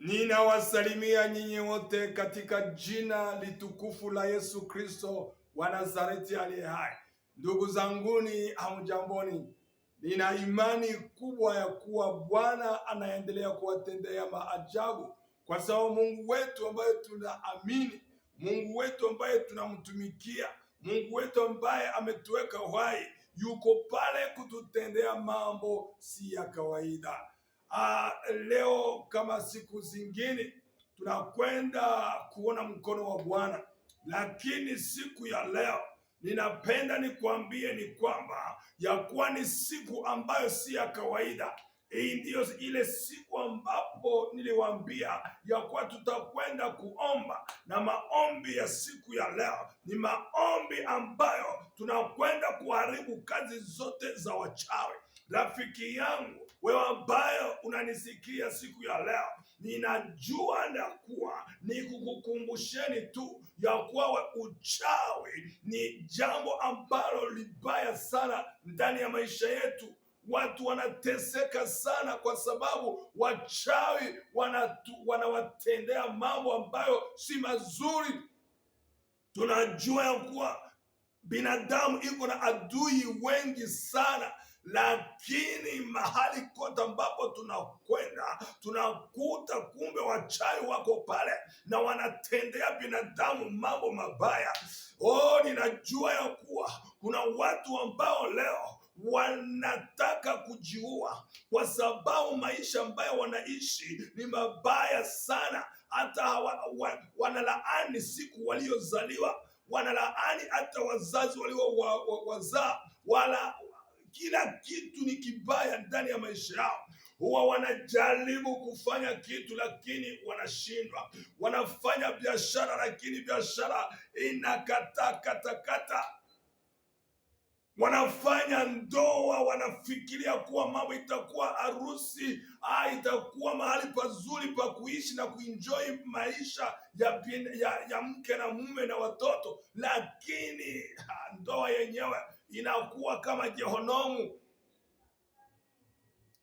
Ninawasalimia nyinyi wote katika jina litukufu la Yesu Kristo wa Nazareti aliye hai. Ndugu zanguni, hamjamboni? Nina imani kubwa ya kuwa Bwana anaendelea kuwatendea maajabu, kwa sababu Mungu wetu ambaye tunaamini, Mungu wetu ambaye tunamtumikia, Mungu wetu ambaye ametuweka hai, yuko pale kututendea mambo si ya kawaida. A, ah, leo kama siku zingine tunakwenda kuona mkono wa Bwana, lakini siku ya leo ninapenda nikwambie ni kwamba ya kuwa ni siku ambayo si ya kawaida. Hii ndiyo ile siku ambapo niliwaambia ya kuwa tutakwenda kuomba, na maombi ya siku ya leo ni maombi ambayo tunakwenda kuharibu kazi zote za wachawi rafiki yangu, wewe ambayo unanisikia siku ya leo, ninajua na kuwa ni kukukumbusheni tu ya kuwa uchawi ni jambo ambalo libaya sana ndani ya maisha yetu. Watu wanateseka sana kwa sababu wachawi wanatu, wanawatendea mambo ambayo si mazuri. Tunajua ya kuwa binadamu iko na adui wengi sana lakini mahali kote ambapo tunakwenda tunakuta kumbe wachawi wako pale na wanatendea binadamu mambo mabaya. Oh, ninajua ya kuwa kuna watu ambao leo wanataka kujiua kwa sababu maisha ambayo wanaishi ni mabaya sana, hata wanalaani siku waliozaliwa, wanalaani hata wazazi waliowazaa, wala kila kitu ni kibaya ndani ya maisha yao. Huwa wanajaribu kufanya kitu lakini wanashindwa. Wanafanya biashara lakini biashara inakataa katakata. Wanafanya ndoa, wanafikiria kuwa mambo itakuwa harusi, ah, itakuwa mahali pazuri pa kuishi na kuenjoy maisha ya, ya, ya mke na mume na watoto, lakini ah, ndoa yenyewe inakuwa kama Jehonomu.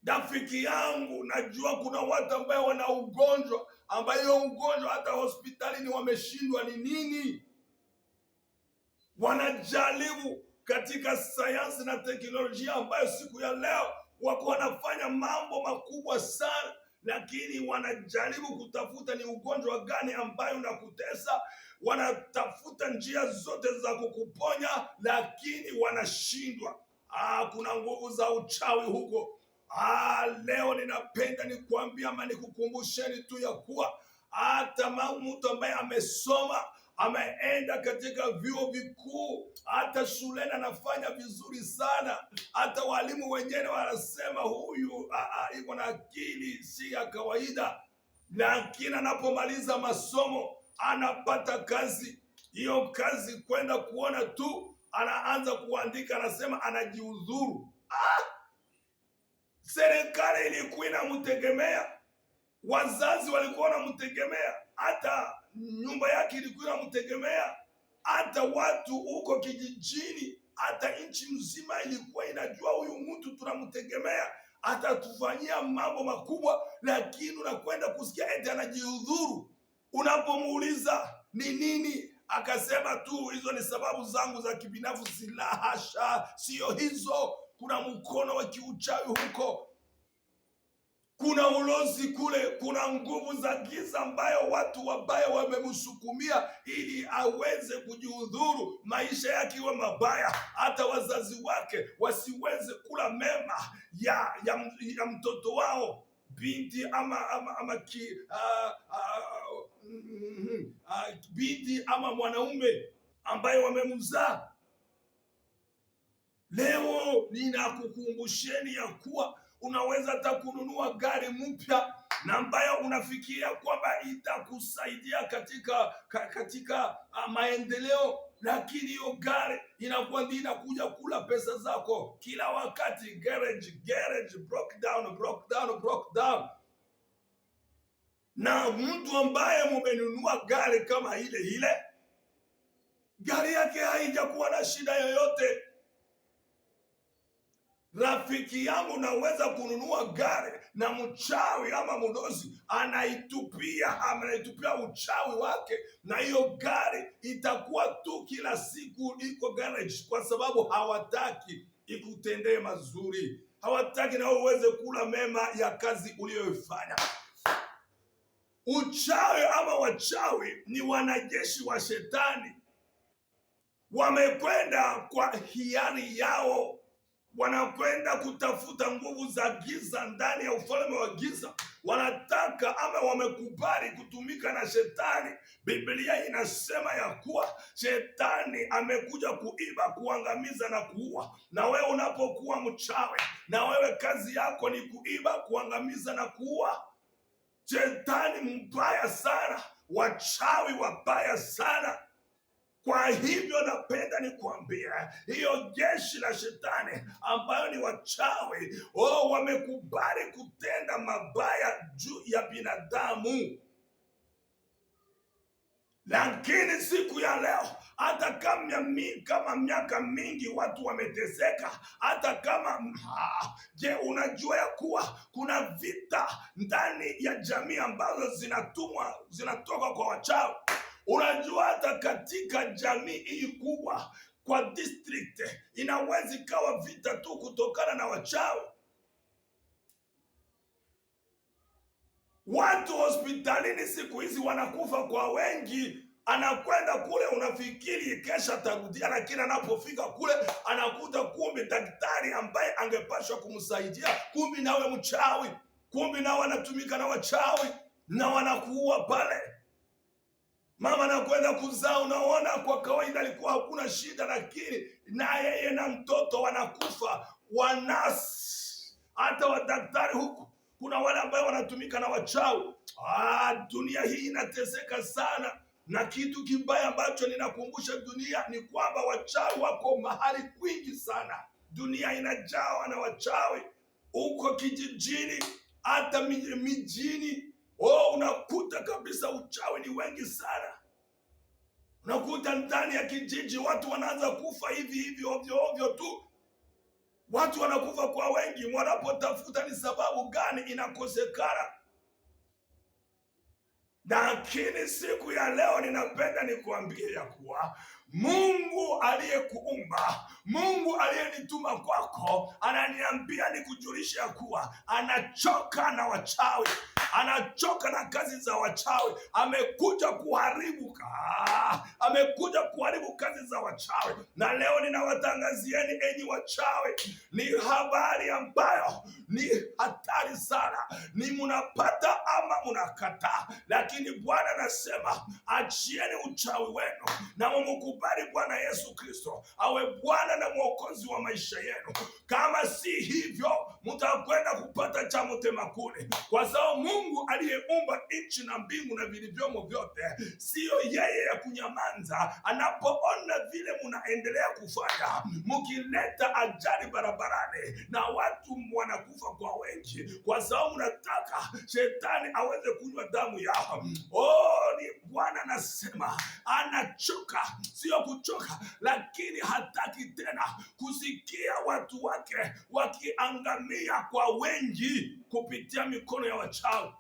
Rafiki yangu, najua kuna watu ambayo wana ugonjwa ambayo ugonjwa hata hospitalini wameshindwa ni nini. Wanajaribu katika sayansi na teknolojia ambayo siku ya leo wako wanafanya mambo makubwa sana, lakini wanajaribu kutafuta ni ugonjwa gani ambayo unakutesa wanatafuta njia zote za kukuponya, lakini wanashindwa. Ah, kuna nguvu za uchawi huko. Ah, leo ninapenda nikuambia ama nikukumbusheni tu ya kuwa hata mtu ambaye amesoma ameenda katika vyuo vikuu, hata shuleni anafanya vizuri sana, hata walimu wenyewe wanasema huyu iko na akili si ya kawaida, lakini anapomaliza masomo anapata kazi, hiyo kazi kwenda kuona tu, anaanza kuandika, anasema anajiudhuru. Ah! serikali ilikuwa inamtegemea, wazazi walikuwa wanamtegemea, hata nyumba yake ilikuwa inamtegemea, hata watu huko kijijini, hata nchi mzima ilikuwa inajua huyu mtu tunamtegemea atatufanyia mambo makubwa, lakini unakwenda kusikia eti anajiudhuru. Unapomuuliza ni nini, akasema tu hizo ni sababu zangu za kibinafsi. La hasha, siyo hizo. Kuna mkono wa kiuchawi huko, kuna ulozi kule, kuna nguvu za giza ambayo watu wabaya wamemsukumia ili aweze kujihudhuru, maisha yake iwe mabaya, hata wazazi wake wasiweze kula mema ya, ya, ya mtoto wao binti ama, ama, ama ki, uh, uh, Mm-hmm. Ah, binti ama mwanaume ambaye wamemzaa. Leo ninakukumbusheni ya kuwa unaweza hata kununua gari mpya na ambayo unafikiria kwamba itakusaidia katika katika ah, maendeleo, lakini hiyo gari inakuwa ndio inakuja kula pesa zako kila wakati, garage garage, broke down, broke down, broke down na mtu ambaye mumenunua gari kama ile ile, gari yake haijakuwa na shida yoyote. Rafiki yangu, naweza kununua gari na mchawi ama mdozi anaitupia anaitupia uchawi wake, na hiyo gari itakuwa tu kila siku iko garage, kwa sababu hawataki ikutendee mazuri, hawataki na uweze kula mema ya kazi uliyoifanya. Uchawi ama wachawi ni wanajeshi wa shetani, wamekwenda kwa hiari yao, wanakwenda kutafuta nguvu za giza ndani ya ufalme wa giza. Wanataka ama wamekubali kutumika na shetani. Biblia inasema ya kuwa shetani amekuja kuiba, kuangamiza na kuua. Na wewe unapokuwa mchawi, na wewe kazi yako ni kuiba, kuangamiza na kuua. Shetani mbaya sana, wachawi wabaya sana. Kwa hivyo napenda nikuambia hiyo jeshi la shetani ambayo ni wachawi, oh, wamekubali kutenda mabaya juu ya binadamu lakini siku ya leo hata kama mi, kama miaka mingi watu wameteseka, hata kama je, unajua ya kuwa kuna vita ndani ya jamii ambazo zinatumwa zinatoka kwa wachawi? Unajua hata katika jamii hii kubwa kwa district inawezi ikawa vita tu kutokana na wachawi. Watu hospitalini siku hizi wanakufa kwa wengi. Anakwenda kule, unafikiri kesha atarudia, lakini anapofika kule anakuta kumbe daktari ambaye angepashwa kumsaidia, kumbe nawe mchawi, kumbe nawe anatumika na wachawi na wanakuua pale. Mama anakwenda kuzaa, unaona kwa kawaida alikuwa hakuna shida, lakini na yeye na mtoto wanakufa wanasi, hata wadaktari huku kuna wale ambao wanatumika na wachawi. Ah, dunia hii inateseka sana, na kitu kibaya ambacho ninakumbusha dunia ni kwamba wachawi wako mahali kwingi sana. Dunia inajawa na wachawi, uko kijijini, hata mijini. Oh, unakuta kabisa uchawi ni wengi sana. Unakuta ndani ya kijiji watu wanaanza kufa hivi hivi ovyo ovyo tu Watu wanakufa kwa wengi, wanapotafuta ni sababu gani inakosekana. Lakini siku ya leo ninapenda nikuambie ya kuwa Mungu aliyekuumba, Mungu aliyenituma kwako, ananiambia nikujulisha ya kuwa anachoka na wachawi, anachoka na kazi za wachawi. Amekuja kuharibu, amekuja kuharibu kazi za wachawi. Na leo ninawatangazieni enyi wachawi, ni habari ambayo ni hatari sana, ni munapata ama munakataa, lakini Bwana anasema achieni uchawi wenu na Mungu kumkubali Bwana Yesu Kristo awe Bwana na Mwokozi wa maisha yenu. Kama si hivyo mutakwenda kupata chamote mutemakuni, kwa sababu Mungu aliyeumba nchi na mbingu na vilivyomo vyote, siyo yeye ya kunyamanza anapoona vile munaendelea kufanya, mukileta ajali barabarani na watu wanakufa kwa wengi, kwa sababu munataka shetani aweze kunywa damu yao. Oh, ni Bwana anasema anachoka, sio kuchoka, lakini hataki tena kusikia watu wake wakiangamia kulia kwa wengi kupitia mikono ya wachawi.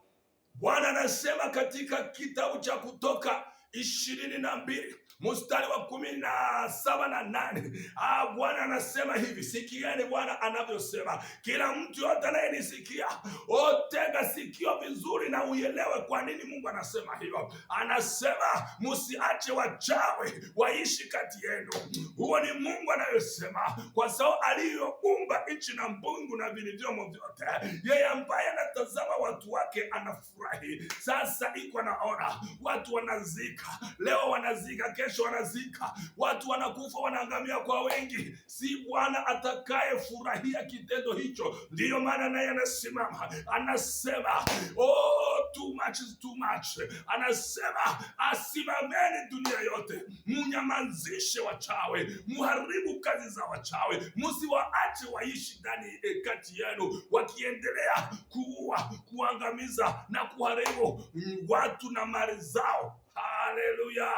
Bwana anasema katika kitabu cha Kutoka ishirini na mbili mstari wa kumi na saba na nane ah, Bwana anasema hivi, sikieni Bwana anavyosema, kila mtu yote anayenisikia, otega oh, sikio vizuri na uelewe kwa nini Mungu anasema hivyo. Anasema msiache wachawi waishi kati yenu. Huo ni Mungu anayosema, kwa sababu aliyoumba nchi na mbingu na vilivyomo vyote, yeye ambaye anatazama watu wake anafurahi. Sasa iko naona watu wanazika leo, wanazika kesho wanazika, watu wanakufa, wanaangamia kwa wengi. Si Bwana atakayefurahia kitendo hicho. Ndiyo maana naye anasimama anasema, oh, too much is too much. Anasema asimameni dunia yote, mnyamazishe wachawe, muharibu kazi za wachawe, musiwaache waishi ndani e, kati yenu wakiendelea kuua, kuangamiza na kuharibu watu na mali zao. Haleluya!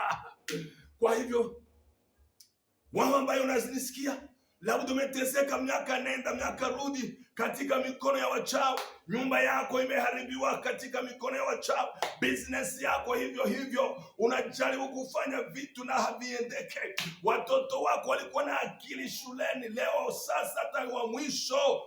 Kwa hivyo wao ambayo unazinisikia labda umeteseka miaka nenda miaka rudi katika mikono ya wachawi. Nyumba yako imeharibiwa katika mikono ya wachawi, business yako hivyo hivyo, unajaribu kufanya vitu na haviendeke. Watoto wako walikuwa na akili shuleni, leo sasa hata wa mwisho.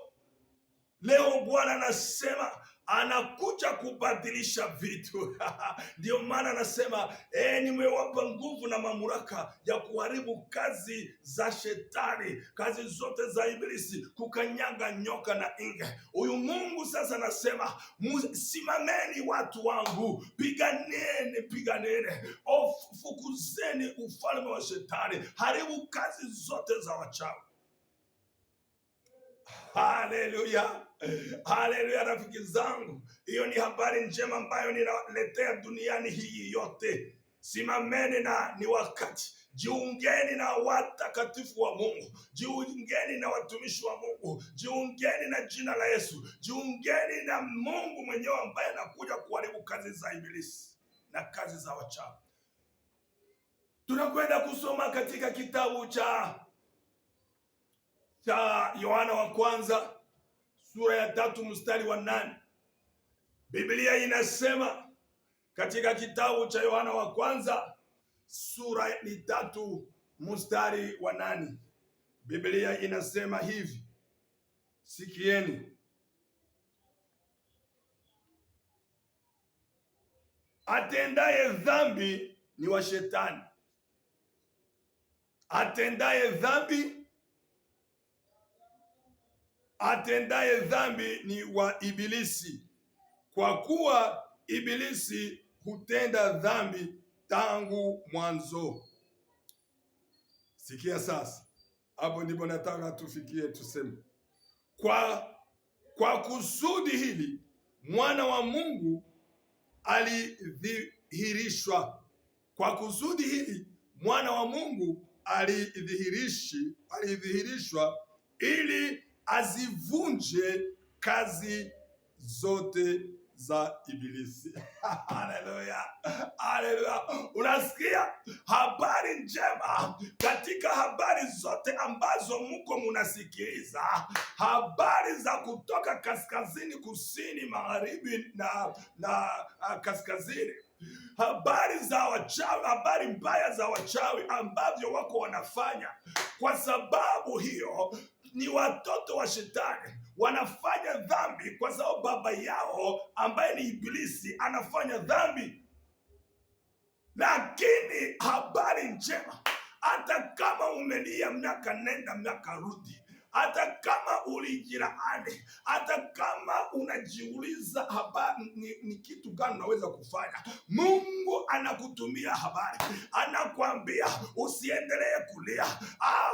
Leo Bwana anasema anakuja kubadilisha vitu ndiyo maana anasema e, nimewapa nguvu na mamlaka ya kuharibu kazi za shetani, kazi zote za Ibilisi, kukanyanga nyoka na inge. Huyu Mungu sasa anasema simameni, watu wangu, piganene, piganene, fukuzeni ufalme wa shetani, haribu kazi zote za wachawi. Haleluya, haleluya! Rafiki zangu, hiyo ni habari njema ambayo ninaletea duniani hii yote. Simameni na ni wakati Jiungeni na watakatifu wa Mungu, jiungeni na watumishi wa Mungu, jiungeni na jina la Yesu, jiungeni na Mungu mwenyewe ambaye anakuja kuharibu kazi za Ibilisi na kazi za wachawi. Tunakwenda kusoma katika kitabu cha cha Yohana wa kwanza sura ya tatu mstari wa nane Biblia inasema katika kitabu cha Yohana wa kwanza sura ni tatu mstari wa nane Biblia inasema hivi, sikieni Atendaye dhambi ni wa shetani, atendaye dhambi atendaye dhambi ni wa Ibilisi, kwa kuwa Ibilisi hutenda dhambi tangu mwanzo. Sikia sasa, hapo ndipo nataka tufikie, tuseme kwa kwa kusudi hili mwana wa Mungu alidhihirishwa. Kwa kusudi hili mwana wa Mungu alidhihirishwa ili azivunje kazi zote za ibilisi. Haleluya, haleluya! Unasikia habari njema katika habari zote ambazo mko munasikiliza, habari za kutoka kaskazini, kusini, magharibi na na uh, kaskazini habari za wachawi, habari mbaya za wachawi ambavyo wako wanafanya. Kwa sababu hiyo, ni watoto wa Shetani, wanafanya dhambi kwa sababu baba yao ambaye ni Ibilisi anafanya dhambi. Lakini habari njema, hata kama umelia miaka nenda miaka rudi, hata kama ani Hata kama unajiuliza haba, ni, ni kitu gani unaweza kufanya, Mungu anakutumia habari, anakuambia usiendelee kulia,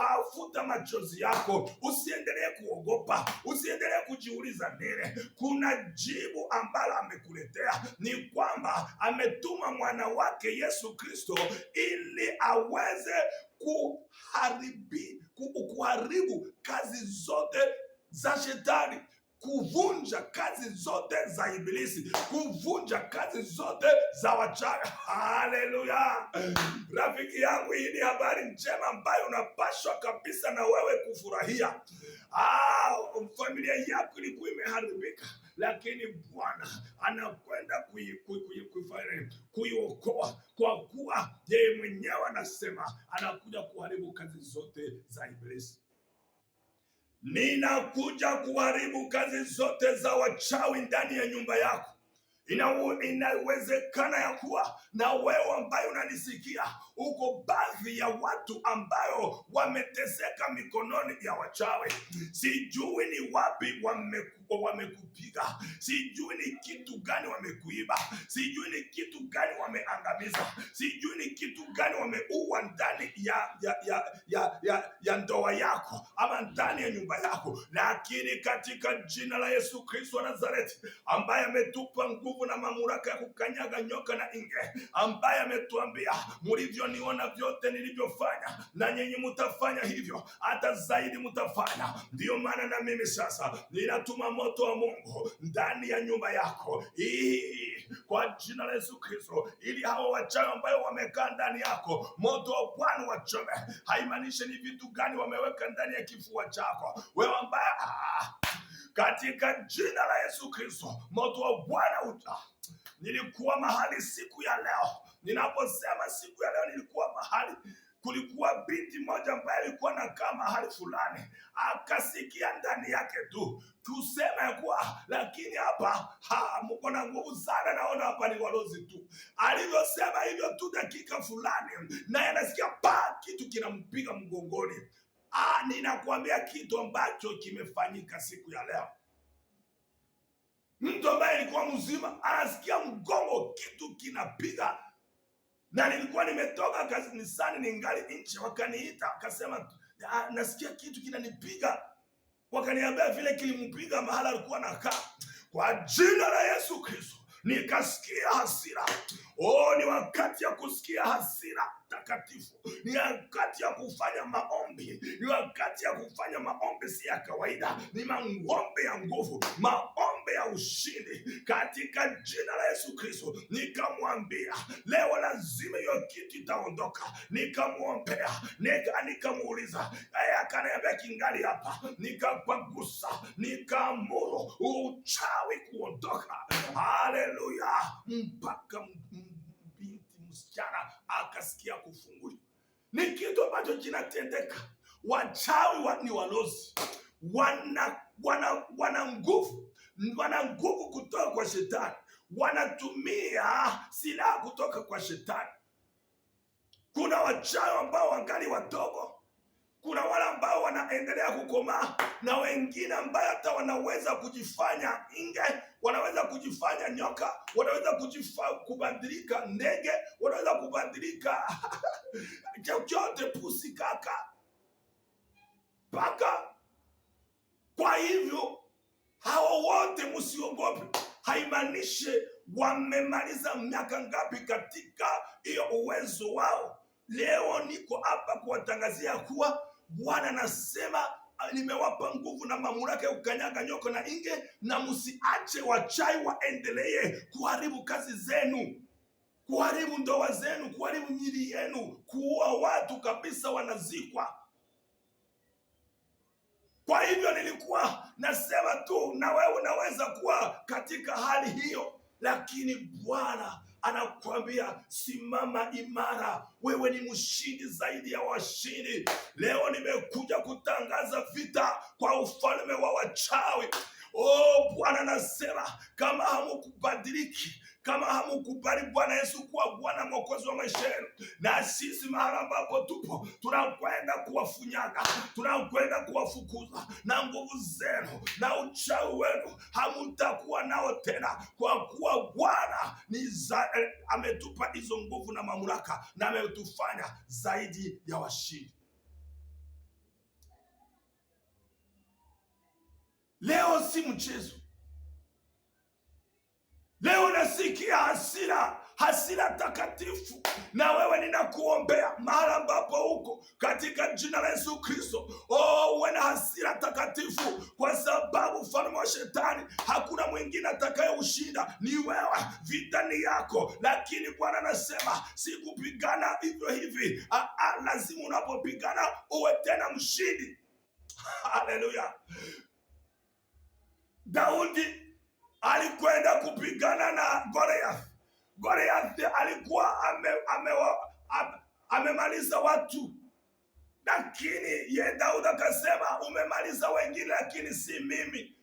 afuta machozi yako, usiendelee kuogopa, usiendelee kujiuliza nini. Kuna jibu ambalo amekuletea, ni kwamba ametuma mwana wake Yesu Kristo ili aweze kuharibi kuharibu kazi zote za shetani kuvunja kazi zote za Ibilisi, kuvunja kazi zote za wachaga. Haleluya! Rafiki yangu, hii ni habari njema ambayo unapashwa kabisa na wewe kufurahia. Ah, familia yako ilikuwa imeharibika lakini Bwana anakwenda kuiokoa, kwa kuwa yeye mwenyewe anasema anakuja kuharibu kazi zote za Ibilisi. Ninakuja kuharibu kazi zote za wachawi ndani ya nyumba yako. Inawezekana ya kuwa na wewe ambayo unanisikia uko baadhi ya watu ambayo wameteseka mikononi ya wachawi. Sijui ni wapi wame wamekupiga, sijui ni kitu gani wamekuiba, sijui ni kitu gani wameangamiza, sijui ni kitu gani wameua ndani ya, ya, ya, ya, ya, ya ndoa yako ama ndani ya nyumba yako, lakini katika jina la Yesu Kristo wa Nazareti ambaye ametupa nguvu na mamlaka ya kukanyaga nyoka na inge, ambaye ametuambia mulivyoniona vyote nilivyofanya na nyinyi mutafanya hivyo, hata zaidi mutafanya. Ndiyo maana na mimi sasa ninatuma moto wa Mungu ndani ya nyumba yako hii kwa jina la Yesu Kristo, ili hao wachawi ambayo wamekaa ndani yako moto wa Bwana wachome. Haimaanishi ni vitu gani wameweka ndani ya kifua chako wewe ambaye ah, katika jina la Yesu Kristo moto wa Bwana uta. Nilikuwa mahali siku ya leo, ninaposema siku ya leo nilikuwa mahali kulikuwa binti moja ambaye alikuwa na kama hali fulani, akasikia ndani yake tu tuseme kuwa lakini hapa ha, mko na nguvu sana, naona hapa ni walozi tu. Alivyosema hivyo tu, dakika fulani naye anasikia pa kitu kinampiga mgongoni. Ah, ninakuambia kitu ambacho kimefanyika siku ya leo. Mtu ambaye alikuwa mzima anasikia mgongo, kitu kinapiga na nilikuwa nimetoka ni ningali nje, wakaniita akasema, ah, nasikia kitu kinanipiga, wakaniambia vile kilimpiga mahala alikuwa nakaa. Kwa jina la Yesu Kristo nikasikia hasira. Oh, ni wakati ya kusikia hasira takatifu, ni wakati ya kufanya maombi, ni wakati ya kufanya maombi si ya kawaida, ni maombi ya nguvu, maombi ya ushindi katika jina la Yesu Kristo. Nikamwambia leo lazima hiyo kitu itaondoka, nikamwombea, nikamuuliza aya, akaniambia kingali hapa, nikapagusa, nikamuru uchawi kuondoka. Haleluya, mpaka msichana akasikia kufunguliwa. Ni kitu ambacho kinatendeka. Wachawi wa, ni walozi wana wana wana nguvu wana nguvu kutoka kwa shetani, wanatumia silaha kutoka kwa shetani. Kuna wachawi ambao wangali wadogo kuna wale ambao wanaendelea kukomaa na wengine ambayo hata wanaweza kujifanya nge, wanaweza kujifanya nyoka, wanaweza kujifa, kubadilika ndege, wanaweza kubadilika chochote, pusi, kaka, paka. Kwa hivyo hao wote msiogope, haimaanishi wamemaliza miaka ngapi katika hiyo uwezo wao. Leo niko hapa kuwatangazia kuwa Bwana anasema nimewapa nguvu na mamlaka ya kukanyaga nyoka na inge, na msiache wachai waendelee kuharibu kazi zenu, kuharibu ndoa zenu, kuharibu nyili yenu, kuua watu kabisa, wanazikwa. Kwa hivyo nilikuwa nasema tu, na wewe unaweza kuwa katika hali hiyo, lakini Bwana anakuambia simama imara, wewe ni mshindi zaidi ya washindi. Leo nimekuja kutangaza vita kwa ufalme wa wachawi. Oh Bwana nasema kama hamukubadiliki, kama hamukubali Bwana Yesu kuwa Bwana mwokozi wa maisha yenu, na sisi mahali ambapo tupo tunakwenda kuwafunyaga, tunakwenda kuwafukuza na nguvu zenu na uchawi wenu, hamutakuwa nao tena, kwa kuwa Bwana eh, ametupa hizo nguvu na mamlaka na ametufanya zaidi ya washindi. Leo si mchezo. Leo nasikia hasira, hasira takatifu. Na wewe ninakuombea mahala ambapo huko, katika jina la Yesu Kristo, oh, uwe na hasira takatifu, kwa sababu ufalme wa shetani hakuna mwingine atakayeushinda, ni wewe. Vita ni yako, lakini Bwana anasema sikupigana hivyo hivi. Ah, ah, lazima unapopigana uwe tena mshindi. Haleluya! Daudi alikwenda kupigana na Goliath. Goliath alikuwa amemaliza ame, ame watu, lakini ye Daudi akasema, umemaliza wengine, lakini si mimi.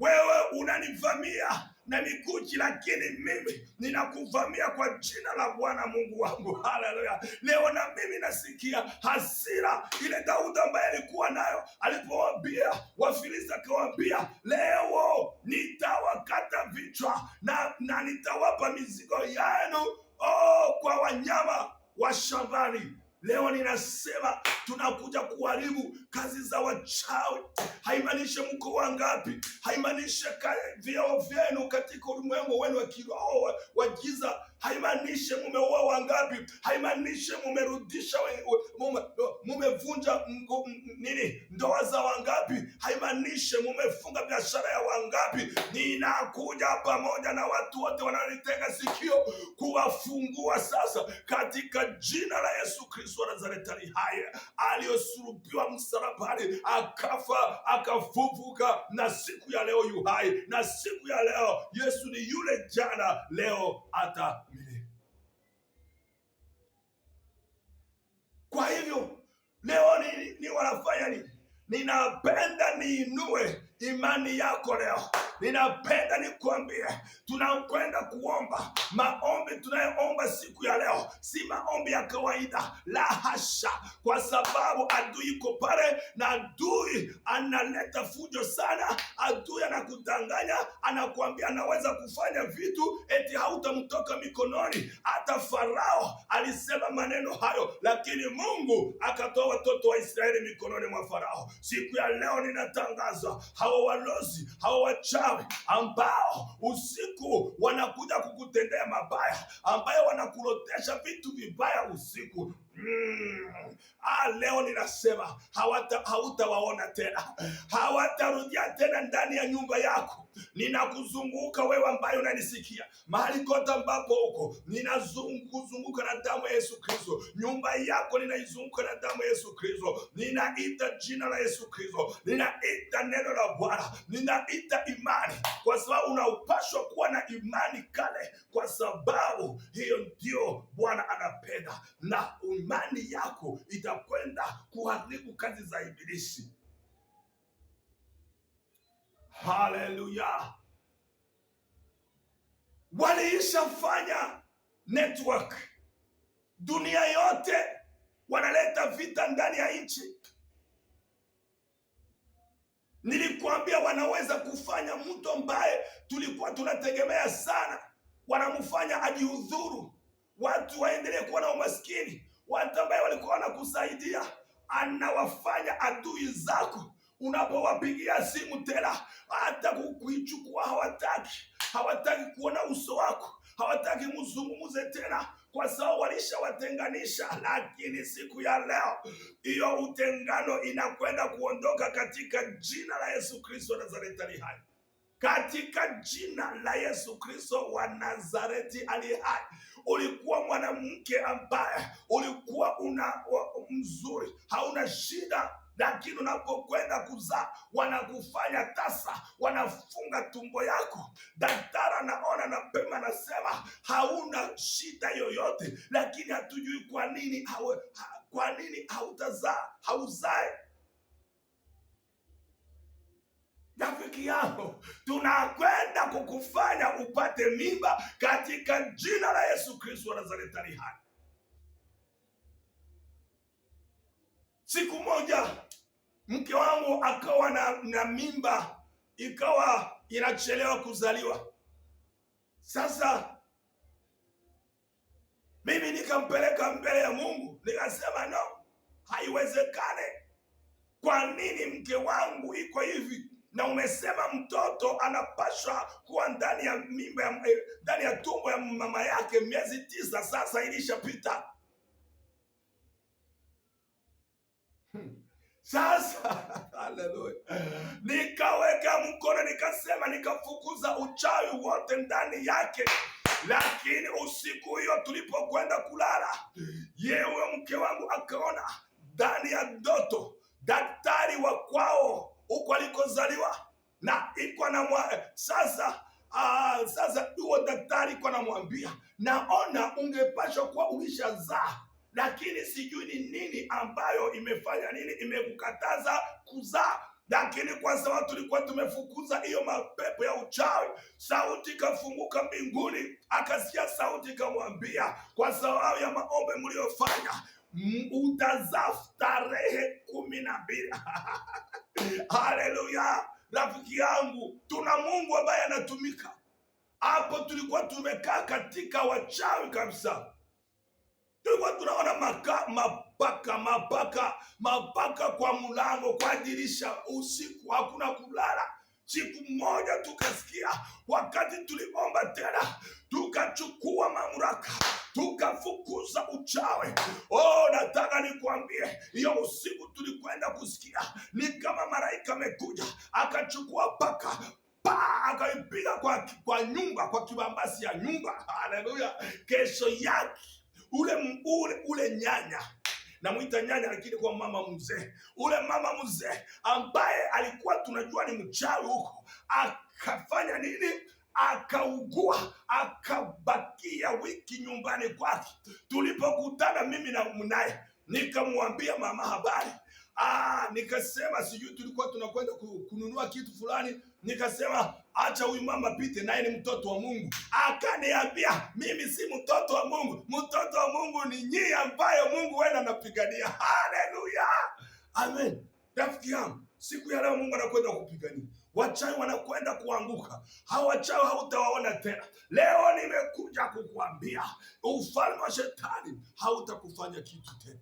Wewe unanivamia na mikuki, lakini mimi ninakuvamia kwa jina la Bwana Mungu wangu. Haleluya! Leo na mimi nasikia hasira ile Daudi ambaye alikuwa nayo alipowambia Wafilisti, akawambia leo nitawakata vichwa na, na nitawapa mizigo yenu oh, kwa wanyama wa shambani. Leo ninasema tunakuja kuharibu kazi za wachawi. Haimaanishi mko wangapi, haimaanishi vyeo vyenu katika ulimwengu wenu wa kiroho wa giza haimaanishi mumeua wangapi, haimaanishi mumerudisha, mumevunja nini ndoa za wangapi, haimaanishi mumefunga biashara ya wangapi. Ninakuja pamoja na watu wote wanaonitega sikio kuwafungua sasa, katika jina la Yesu Kristo wa Nazareti ali aliyosurupiwa aliyosulubiwa msalabani, akafa akafufuka, na siku ya leo yu hai, na siku ya leo Yesu ni yule jana, leo ata Kwa hivyo leo ni, ni wanafanya nini? Ninapenda niinue imani yako leo ninapenda nikuambie, tunakwenda kuomba maombi. Tunayoomba siku ya leo si maombi ya kawaida, la hasha, kwa sababu adui iko pale, na adui analeta fujo sana. Adui anakudanganya, anakuambia anaweza kufanya vitu eti hautamtoka mikononi. Hata Farao alisema maneno hayo, lakini Mungu akatoa watoto wa Israeli mikononi mwa Farao. Siku ya leo ninatangaza hawa walozi hawa wacha wawe ambao usiku wanakuja kukutendea mabaya, ambayo wanakulotesha vitu vibaya usiku Mm. Ah, leo ninasema hautawaona tena, hawatarudia tena ndani ya nyumba yako. Ninakuzunguka wewe ambaye unanisikia mahali kote ambapo uko, ninakuzunguka na damu ya Yesu Kristo. Nyumba yako ninaizunguka na damu ya Yesu Kristo. Ninaita jina la Yesu Kristo, ninaita neno la Bwana, ninaita imani, kwa sababu unaupashwa kuwa na imani kale, kwa sababu hiyo ndio Bwana anapenda na un imani yako itakwenda kuharibu kazi za Ibilisi. Haleluya! Waliishafanya network dunia yote, wanaleta vita ndani ya nchi. Nilikuambia wanaweza kufanya mtu ambaye tulikuwa tunategemea sana, wanamfanya ajihudhuru, watu waendelee kuwa na umaskini, watu ambao walikuwa wanakusaidia, anawafanya adui zako. Unapowapigia simu tena, hata kuichukua hawataki, hawataki kuona uso wako, hawataki muzungumuze tena kwa sababu walishawatenganisha. Lakini siku ya leo hiyo utengano inakwenda kuondoka katika jina la Yesu Kristo Nazareti ali hai katika jina la Yesu Kristo wa Nazareti aliye hai. Ulikuwa mwanamke ambaye ulikuwa una mzuri, hauna shida lakini unapokwenda kuzaa wanakufanya tasa, wanafunga tumbo yako. Daktari anaona na pema, anasema hauna shida yoyote, lakini hatujui kwa nini hawe, kwa nini hautazaa hauzae rafiki yako, tunakwenda kukufanya upate mimba katika jina la Yesu Kristo wa Nazareti ali hai. Siku moja mke wangu akawa na, na mimba ikawa inachelewa kuzaliwa. Sasa mimi nikampeleka mbele ya Mungu, nikasema no, haiwezekane. Kwa nini mke wangu iko hivi? na umesema mtoto anapashwa kuwa ndani ya mimba ya eh, ndani ya tumbo ya mama yake miezi tisa, sasa ilishapita. Sasa haleluya, nikaweka mkono nikasema, nikafukuza uchawi wote ndani yake. Lakini usiku hiyo tulipokwenda kulala, yeye huyo mke wangu akaona ndani ya ndoto daktari wa kwao huko alikozaliwa na iko na eh, sasa aa, ah, sasa huo daktari kwa namwambia, naona ungepashwa kuwa ulishazaa, lakini sijui ni nini ambayo imefanya nini, imekukataza kuzaa lakini kwa sababu tulikuwa tumefukuza hiyo mapepo ya uchawi, sauti ikafunguka mbinguni, akasikia sauti ikamwambia, kwa sababu ya maombe mliyofanya utazaa tarehe kumi na mbili. Haleluya! Rafiki yangu, tuna Mungu ambaye anatumika. Hapo tulikuwa tumekaa katika wachawi kabisa, tulikuwa tunaona maka, mapaka mapaka mapaka kwa mlango, kwa dirisha, usiku hakuna kulala Siku moja tukasikia, wakati tuliomba tena, tukachukua mamlaka, tukafukuza uchawi. Oh, nataka nikuambie, hiyo usiku tulikwenda kusikia ni kama malaika amekuja akachukua paka pa akaipiga kwa, kwa nyumba kwa kibambasi ya nyumba. Haleluya! Kesho yake ule ule, ule nyanya namwita nyanya, lakini kwa mama mzee, ule mama mzee ambaye alikuwa tunajua ni mchawi huko, akafanya nini? Akaugua, akabakia wiki nyumbani kwake. Tulipokutana mimi na mnaye, nikamwambia mama habari ah, nikasema sijui tulikuwa tunakwenda kununua kitu fulani, nikasema acha huyu mama pite, naye ni mtoto wa Mungu. Akaniambia mimi si mtoto wa Mungu, mtoto wa Mungu ni nyie ambayo Mungu wena anapigania. Haleluya, amen. Rafiki yangu, siku ya leo Mungu anakwenda kupigania wachawi wanakwenda kuanguka. Hawa wachawi hautawaona tena. Leo nimekuja kukuambia ufalme wa shetani hautakufanya kitu tena.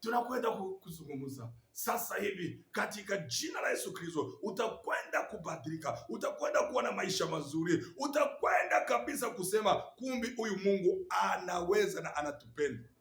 Tunakwenda kuzungumza sasa hivi katika jina la Yesu Kristo utakwenda kubadilika, utakwenda kuwa na maisha mazuri, utakwenda kabisa kusema kumbi, huyu Mungu anaweza na anatupenda.